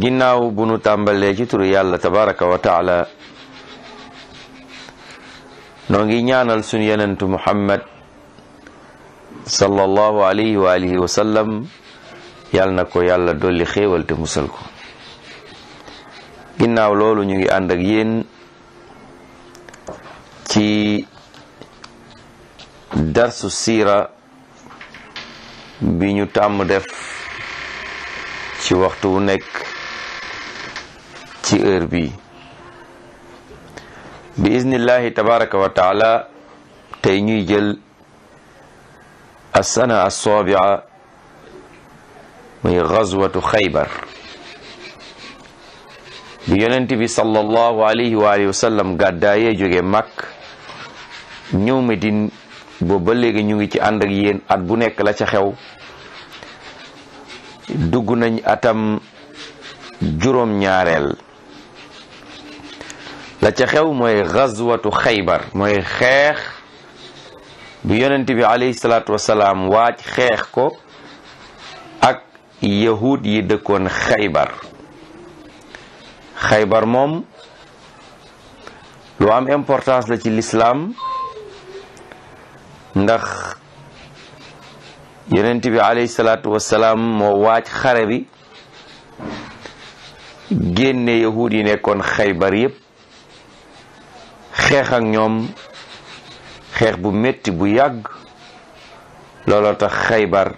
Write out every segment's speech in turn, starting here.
ginnaaw bu nu tàmbalee ci turu yàlla tabaraka noo ngi ñaanal sunu yenentu muhammad sallallahu alayhi wa alihi wa sallam yàlla na ko yàlla dolli xéewal te musal ko ginnaaw loolu ñu ngi ànd ak yéen ci darsu siira bi ñu tàmm def ci waxtu wu nekk ci heure bi bi iznillahi tabaraka wa taala tey ñuy jël asana assobia muy gazwatu xaybar bi yonent bi sallallahu alayhi wa alihi wa sallam gàddaayee jóge màkk ñëw Medine boobu ba léegi ñu ngi ci ànd ak yéen at bu nekk la ci xew dugg nañ atam juróom ñaareel la ca xew mooy gazwatu xaybar mooy xeex bu yonent bi alayhi salaatu salaam waaj xeex ko ak yahud yi dëkkoon xaybar xaybar moom loo am importance la ci lislaam ndax yonent bi alayhi salaatu salaam moo waaj xare bi génne yahud yi nekkoon xaybar yépp xeex ak ñoom xeex bu metti bu yàgg looloo tax xaybar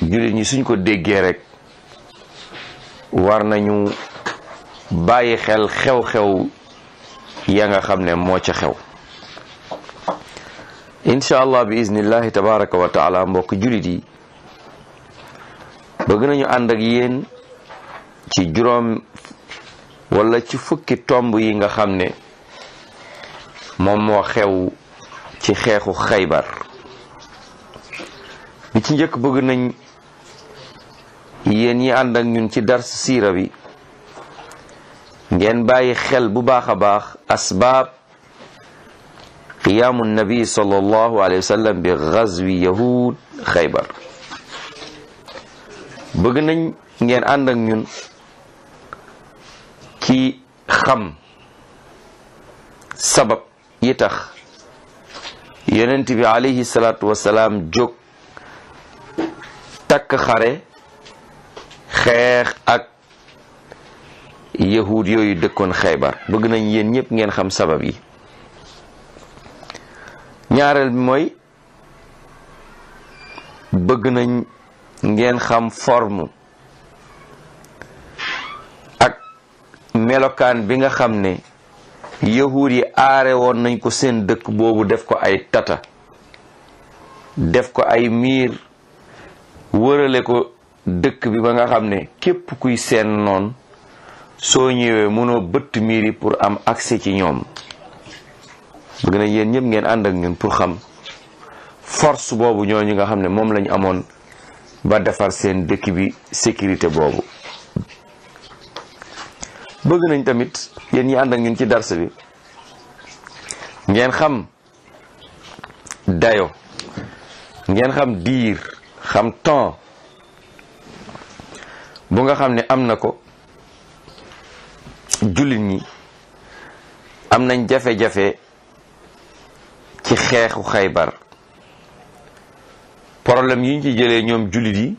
jullit ñi suñ ko déggee rek war nañu bàyyi xel xew-xew ya nga xam ne moo ca xew incha allah bi iznillahi tabaraka wa mbokk jullit yi bëgg nañu ànd ak yéen ci juróom wala ci fukki tomb yi nga xam ne moom moo xew ci xeexu xaybar bi ci njëkk bëgg nañ yéen ñi ànd ak ñun ci dars siira bi ngeen bàyyi xel bu baax a baax asbaab qiyaamu nabi sallallahu alayhi wa sallam bi gazwi yahud xeebar bëgg nañ ngeen ànd ak ñun ci xam sabab yi tax yonent bi alayhi salaatu wasalaam jóg takk xare xeex ak yahud yooyu dëkkoon xeebar bëgg nañ yéen ñëpp ngeen xam sabab yi ñaareel mooy bëgg nañ ngeen xam forme ak melokaan bi nga xam ne yahuud yi aare woon nañ ko seen dëkk boobu def ko ay tata def ko ay miir wërale ko dëkk bi ba nga xam ne képp kuy seen noon soo ñëwee mënoo bëtt miir yi pour am accès ci ñoom bëgg na yéen ñëpp ngeen ànd ak ñun pour xam force boobu ñooñu nga xam ne moom lañu amoon ba defar seen dëkk bi sécurité boobu bëgg nañ tamit yéen ñi ànd ak ñun ci dars bi ngeen xam dayo ngeen xam diir xam temps bu nga xam ne am na ko jullit ñi am nañ jafe-jafe ci xeexu xaybar problème yi ñu ci jëlee ñoom jullit yi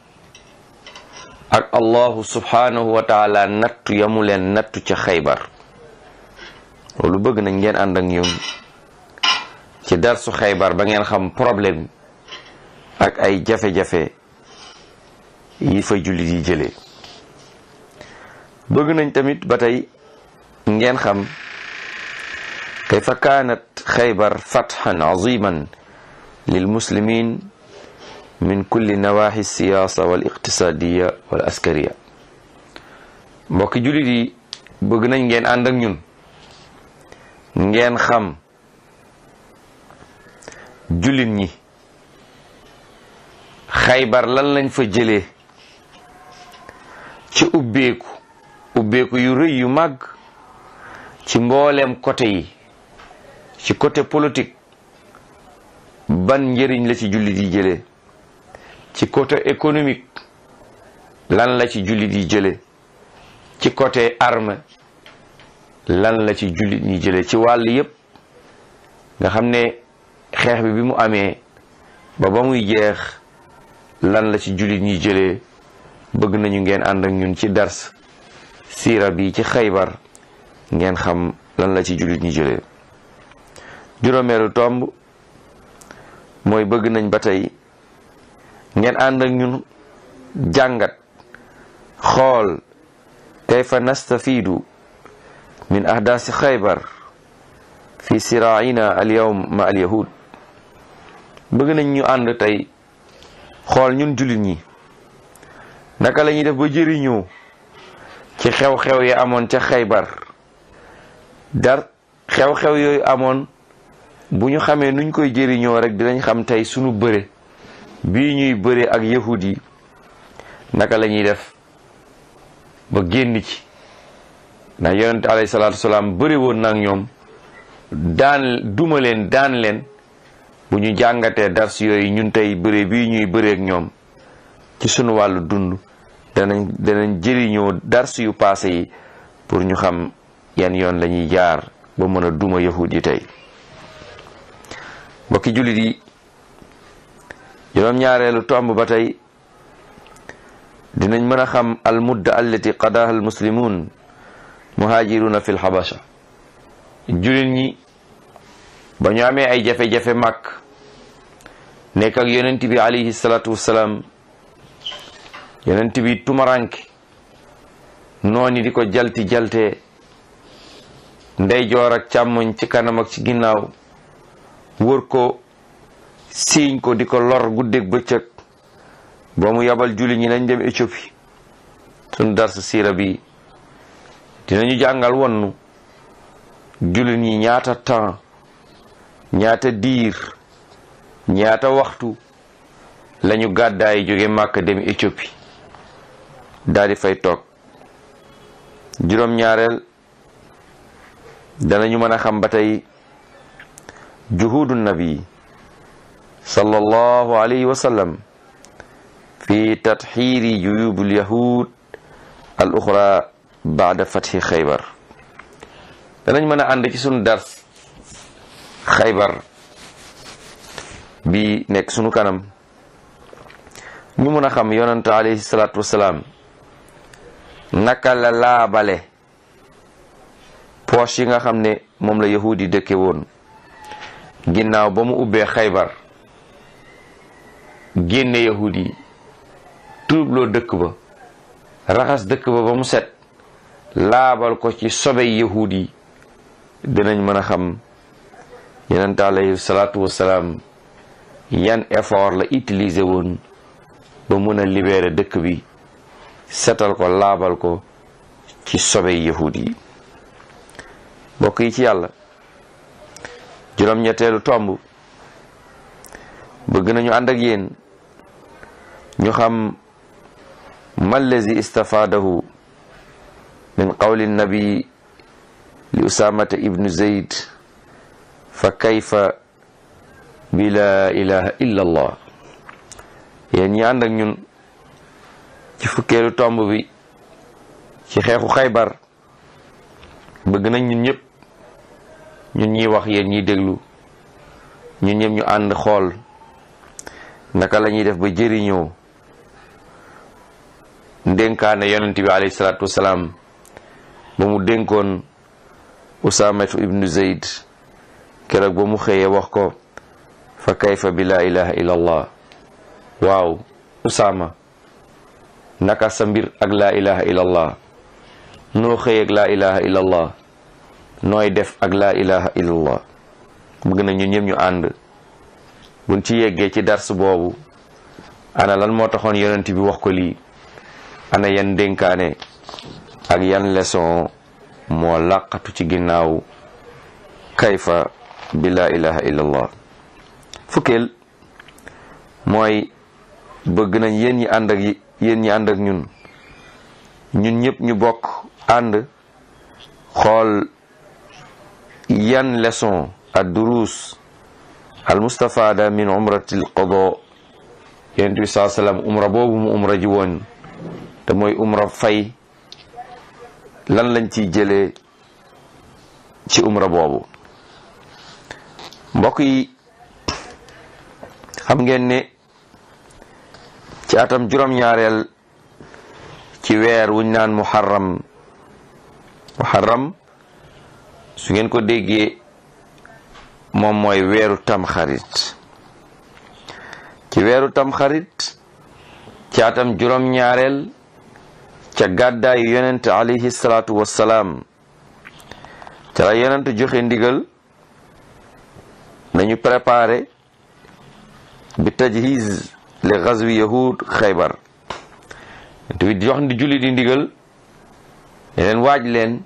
ak allahu subhanahu wa taala nattu yamu leen nattu ca xaybar loolu bëgg nañ ngeen ànd ak ñun ci darsu xaybar ba ngeen xam problème ak ay jafe-jafe yi fa jullit yi jële bëgg nañ tamit ba tey ngeen xam kayfa kaanat xaybar fatxan aziman lil muslimin min kulli nawaaxi siyaasa wal iqtisaadiya wal askariya mbokki jullit yi bëgg nañ ngeen ànd ñun ngeen xam jullit ñi xaybar lan lañ fa jëlee ci ubbeeku ubbeeku yu rëy yu màgg ci mbooleem côté ci côté politique ban njëriñ la ci jullit yi jëlee ci côté économique lan la ci jullit yi jële ci côté arme lan la ci jullit ñi jële ci wàll yépp nga xam ne xeex bi bi mu amee ba ba muy jeex lan la ci jullit ñi jëlee bëgg nañu ngeen ànd ñun ci dars siira bi ci xaybar ngeen xam lan la ci jullit ñi jëlee juróomeelu tomb mooy bëgg nañ ba tey ngeen ànd ak ñun jàngat xool kayfa nastafiidu min ahdaasi xaybar fi siraina alyawm ma bëgg nañ ñu ànd tey xool ñun jullit ñi naka lañuy ñuy def ba jëriñoo ci xew-xew yi amoon ca xaybar dar xew-xew yooyu amoon bu ñu xamee nuñ koy jëriñoo rek dinañ xam tey sunu bëre bii ñuy bëre ak yahud yi naka lañuy def ba génn ci ndax yonente alayhi salaatu salaam bëri woon nag ñoom daan duma leen daan leen bu ñu jàngatee dars yooyu ñun tey bëre bii ñuy bëreek ñoom ci sunu wàllu dund danañ danañ jëriñoo dars yu paase yi pour ñu xam yan yoon la jaar ba mën a duma yahud yi tey juróom ñaareelu tomb ba tey dinañ mën a xam al mudda allati qadaha al muslimun muhajiruna fi lxabasha jullit ñi ba ñu amee ay jafe-jafe màkk nekk ak yonent bi alayhi salaatu wassalaam yonent nooni di ko jalti jalte ndey joor ak càmmoñ ci kanam ak ci ginnaaw wër siiñ ko di ko lor gu guddeeg bëccëg ba mu yebal julli ñi lañ dem Éthiopie sunu darsu siira bi dinañu jàngal wonnu julli ni ñaata temps ñaata diir ñaata waxtu lañu gàddaay jóge màkk dem Éthiopie daal fay toog juróom-ñaareel danañu mën a xam ba tey juhudu nabi صلى الله عليه وسلم في تطهير جيوب اليهود الأخرى بعد فتح خيبر danañ mën a ànd ci sunu dars xaybar bi nekk sunu kanam ñu mën a xam yonent alayhi salaatu wasalaam naka la laabale poche yi nga xam ne moom la yahudi dëkke woon ginnaaw ba mu ubbee xaybar génne yahud yi dëkk ba raxas dëkk ba ba mu set laabal ko ci sobey yahud dinañ mën a xam yenente alayhi salaatu wasalaam yan effort la utiliser woon ba mën a libérer dëkk bi setal ko laabal ko ci sobey yahud yi bokk yi ci yàlla juróom-ñetteelu tomb bëgg nañu ànd ak yéen ñu xam mallazi istafaadahu min qawli nabi li usaamata ibnu zeyd fa kayfa bi laa ilaha illa ñi ànd ak ñun ci fukkeelu tomb bi ci xeexu xaybar bëgg nañ ñun ñëpp ñun ñiy wax yéen ñiy déglu ñun ñëpp ñu ànd xool naka la ñuy def ba jëriñoo ndénkaane yonent bi alayhi salaatu wasalaam ba mu dénkoon usaamatu ibnu zeyd keroog ba mu xëyee wax ko fa kayfa bi laa ilaha illa allah waaw usaama naka sa mbir ak laa ilaha illa allah noo xëyee illa allah nooy def ak laa ilaha illa allah na ñu ñëpp ñu ànd bu ci yéggee ci dars boobu ana lan moo taxoon yonent bi wax ko lii ana yan dénkaane ak yan leçon moo làqatu ci ginnaaw kayfa bi la ilaha illa allah fukkeel mooy bëgg nañ yen ñi ànd ak yéen ñun ñun ñu bokk ànd xool yan leson ad duruus al mustafada min umrati al qada yonent bi salaam umra boobu mu umra woon te mooy umra fay lan lañ ciy jëlee ci umra boobu mbokk yi xam ngeen ne ci atam juróom ci weer wuñ naan muharram muharram su ngeen ko déggee moom mooy weeru tamxarit ci weeru tamxarit ci atam juróom-ñaareel ca gàddaayu yonent alayhi salaatu wassalaam ca la yonent joxe ndigal nañu prepare bi tajhiz li ghazwi yahud xaybar te it jox ndi julli ndigal ne leen waaj leen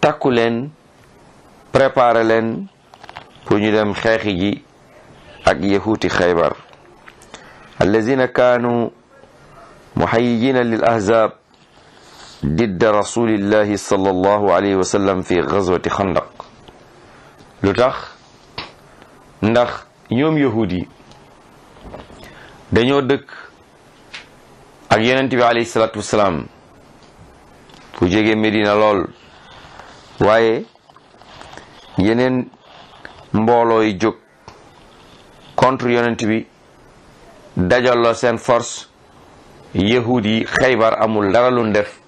takku leen préparé leen pour ñu dem xeexi ji ak yahuuti xaybar allazina kaanu muhayyijiina lil ahzaab didda rasulillahi sallallahu alayhi wa sallam fi gazwati xandaq lu tax ndax ñoom yahuud yi dañoo dëkk ak yonent bi alayhi salaatu wasalaam fu jóge Medina lool waaye yeneen mboolooy yi jóg contre yonent bi dajaloo seen force yahud yi xaybar amul dara lu def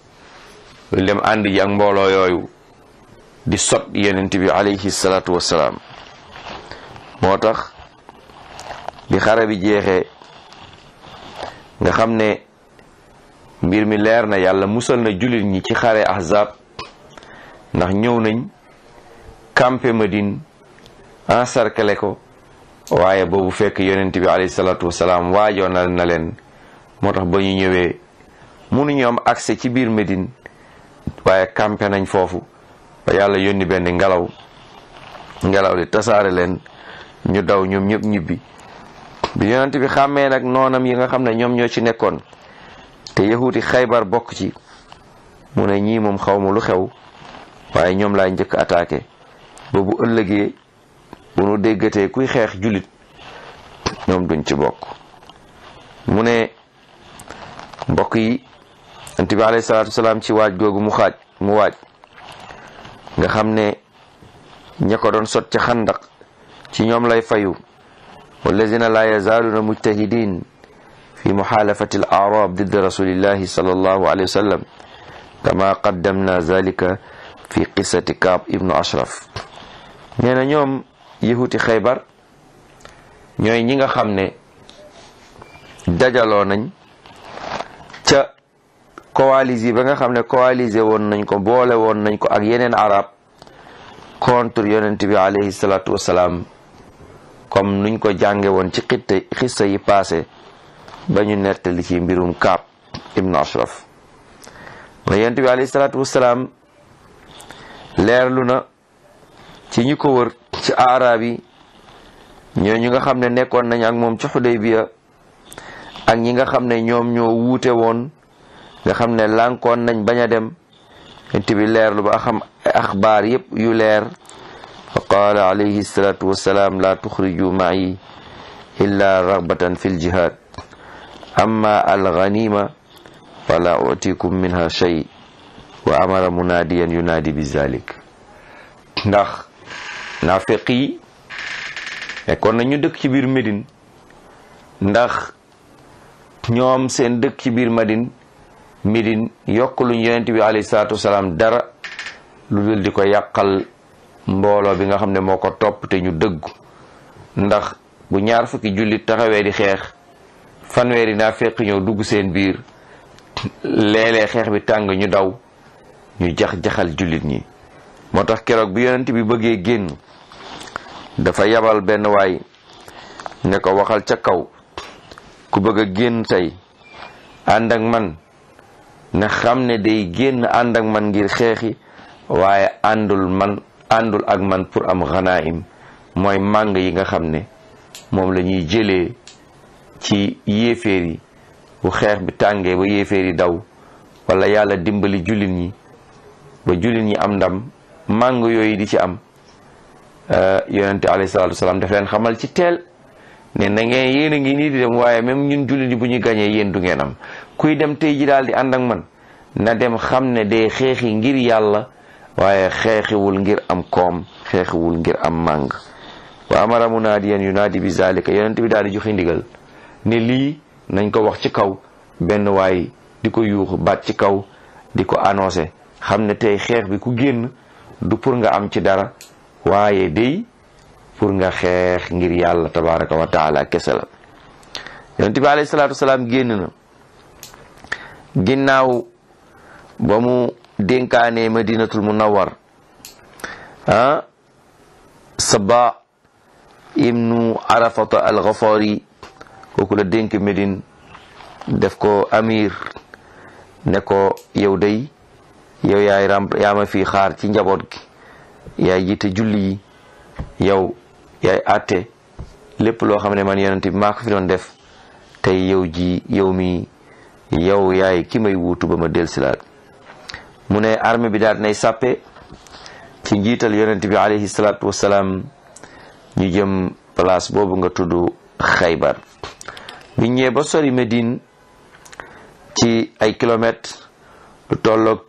lu dem ànd ji ak mbooloo yooyu di sot yonent bi alayhi salaatu wassalaam moo tax bi xare bi jeexee nga xam ne mbir mi leer na yàlla musal na julit ñi ci xare ahzab ndax ñëw nañ campé Madine encerclé ko waaye boobu fekk yonent bi alayhi salaatu wassalaam waajoonal na leen moo tax ba ñu ñëwee mënuñu am accès ci biir Médine waaye campé nañ foofu ba yàlla yónni benn ngelaw ngelaw li tasaare leen ñu daw ñoom ñëpp ñibbi bi yonent bi xàmmee nag noonam yi nga xam ne ñoom ñoo ci nekkoon te yahuuti xaybar bokk ci mu ne ñii moom xaw ma lu xew waaye ñoom laay njëkk attaqué ba bu ëllëgee bu nu déggatee kuy xeex jullit ñoom duñ ci bokk mu mbokk yi yonent bi alayhi salaam ci waaj googu mu xaaj mu waaj nga xam ne ña ko doon sot ci xandak ci ñoom lay fayu wallazina laa yazaaluuna mujtahidin fi muxaalafati al aarab didd rasulillahi sallallahu alayhi wa sallam kama qaddamna zalika fi qissati kaab ibnu ashraf nee na ñoom yahuti xaybar ñooy ñi nga xam ne dajaloo nañ coalisé ba nga xam ne coalisé woon nañ ko boole woon nañ ko ak yeneen arab contre yonent bi alayhi salaatu wasalaam comme nuñ ko jànge woon ci xitte xissa yi passé ba ñu nettali ci mbirum Kaab ibnu Ashraf mu ne leerlu na ci ñu ko wër ci arab yi ñoo ñooñu nga xam ne nekkoon nañ ak moom ci Xudaybiya ak ñi nga xam ne ñoom ñoo wuute woon nga xam ne lànkoon nañ bañ a dem int bi yu leer fa qaala alayhi salaatu wassalaam laa tuxriju ma'i illaa ragbatan dëkk ci biir Médine ndax ñoom seen dëkk ci biir Madine midin yokk luñ yonent bi alayhi salaatu salaam dara lu dul di ko yàqal mbooloo bi nga xam ne moo ko topp te ñu dëggu ndax bu ñaar fukki jullit taxawee di xeex fanweeri naa fekk ñëw dugg seen biir léeg xeex bi tàng ñu daw ñu jax-jaxal jullit ñi moo tax keroog bi yonent bi bëggee génn dafa yabal benn waay ne ko waxal ca kaw ku bëgg a génn tey ànd ak man nga xam ne day génn ànd ak man ngir xeexi waaye àndul man àndul ak man pour am xanaayim mooy màng yi nga xam ne moom lañuy ñuy jëlee ci yéeféer yi bu xeex bi tàngee ba yéeféer daw wala yàlla dimbali jullit ñi ba jullit ñi am ndam màng yooyu di ci am euh, yonente alayhi salaatu wasalaam daf leen xamal ci teel ne na ngeen yéen a ngi nii di dem waaye même ñun jullit ñi bu ñuy gañee yéen du ngeen am kuy dem tey ji daal di ànd ak man na dem xam ne day xeexi ngir yàlla waaye xeexiwul ngir am koom xeexiwul ngir am màng wa amara munaadiyan yunaadi bi zalika yonent bi daal di joxe ndigal ne lii nañ ko wax ci kaw benn waay di ko yuuxu baat ci kaw di ko annoncé xam ne tey xeex bi ku génn du pour nga am ci dara waaye day pour nga xeex ngir yàlla tabaraka wa taala kese la bi alayhi salaatu wasalaam génn ginnaaw ba mu dénkaanee madinatul munawwar ah sabaa ibnu arafata al ghafari kooku la dénk Médine def ko amir ne ko yow day yow yaay ram yaa ma fii xaar ci njaboot gi yaay jiite julli yi yow yaay àtte lépp loo xam ne man yonent bi fi doon def tey yow ji yow mi yow yaay ki may wuutu ba ma dellusilaat mu ne arme bi daal nay sàppe ci njiital yonent bi alayhi salaatu wasalaam ñu jëm place boobu nga tudd xaybar bi ñëwee ba sori Medine ci ay kilomètres lu tolloog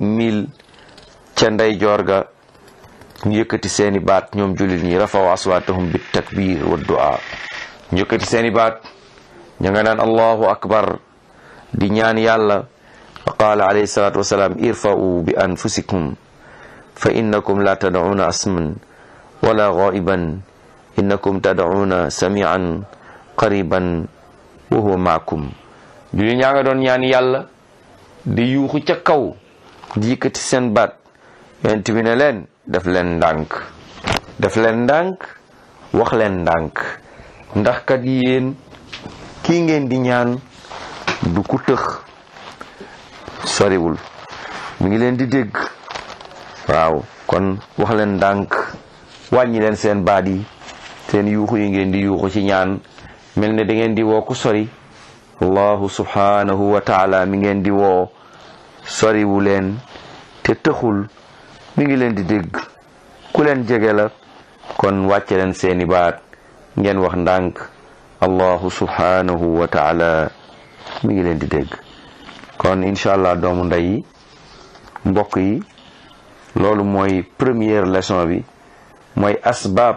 mil ca ndey ga ñu yëkkati seeni baat ñoom jullit ñu rafaw aswaatahum bi takbir wa du'a ñu yëkkati seeni baat ña nga naan allahu akbar di ñaan yàlla fa qaala alayhi salaatu wasalaam irfa'u bi anfusikum fa innakum la tad'uuna asman wala ghaa'iban innakum tad'uuna sami'an qariban wa huwa maakum julli ñaa nga doon ñaan yàlla di yuuxu ca kaw di yëkkati seen baat yonent bi ne leen def leen ndànk def leen ndànk wax leen ndànk ndax kat yéen kii ngeen di ñaan du ku tëx soriwul mu ngi leen di dégg waaw kon wax leen ndànk wàññi leen seen baat yi seen yuuxu yi ngeen di yuuxu ci ñaan mel ne da ngeen di woo ku sori allahu subhanahu wa taala mi ngeen di woo soriwu leen te tëxul mi ngi leen di dégg ku leen jege la kon wàcce leen seeni baat ngeen wax ndànk allahu subhanahu wa taala mi ngi leen di dégg kon incha allah doomu ndey mbokk yi loolu mooy première leson bi mooy asbaab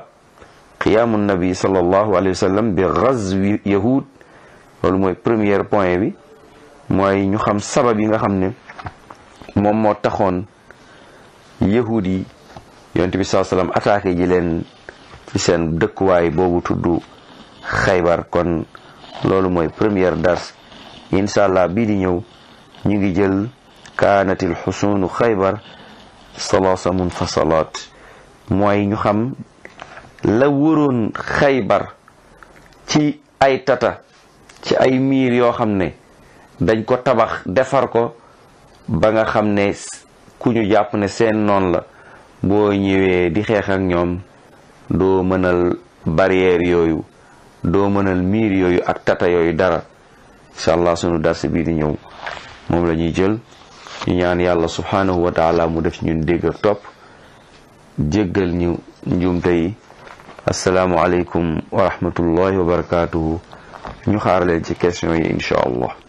qiyaamu nabi sallallahu alayhi wa sallam bi ghazwi yahud loolu mooy première point bi mooy ñu xam sabab yi nga xam ne moom moo taxoon yahud yi yonent bi saa sallam attaqué ji leen ci seen dëkkuwaay boobu tudd xaybar kon loolu mooy première dars incha allah bii di ñëw ñu ngi jël kaanat il xusunu xaybar salaasa munfasalaat mooy ñu xam la wëroon xaybar ci ay tata ci ay miir yoo xam ne dañ ko tabax defar ko ba nga xam ne ku ñu jàpp ne seen noon la boo ñëwee di xeex ak ñoom doo mënal barrière yooyu doo mënal miir yooyu ak tata yooyu dara incha allah sunu darse bii di ñëw moom la jël ñu ñaan yàlla subhanahu wa taala mu def ñun dégg ak topp ñu njuumte yi asalaamualeykum wa rahmatullahi ñu xaar ci question yi incha allah